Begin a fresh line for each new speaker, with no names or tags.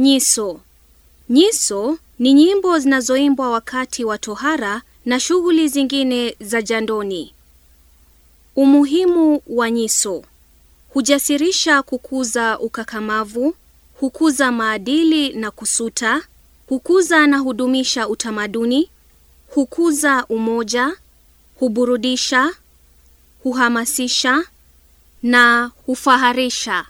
Nyiso. Nyiso ni nyimbo zinazoimbwa wakati wa tohara na shughuli zingine za jandoni. Umuhimu wa nyiso. Hujasirisha kukuza ukakamavu, hukuza maadili na kusuta, hukuza na hudumisha utamaduni, hukuza umoja, huburudisha, huhamasisha
na hufaharisha.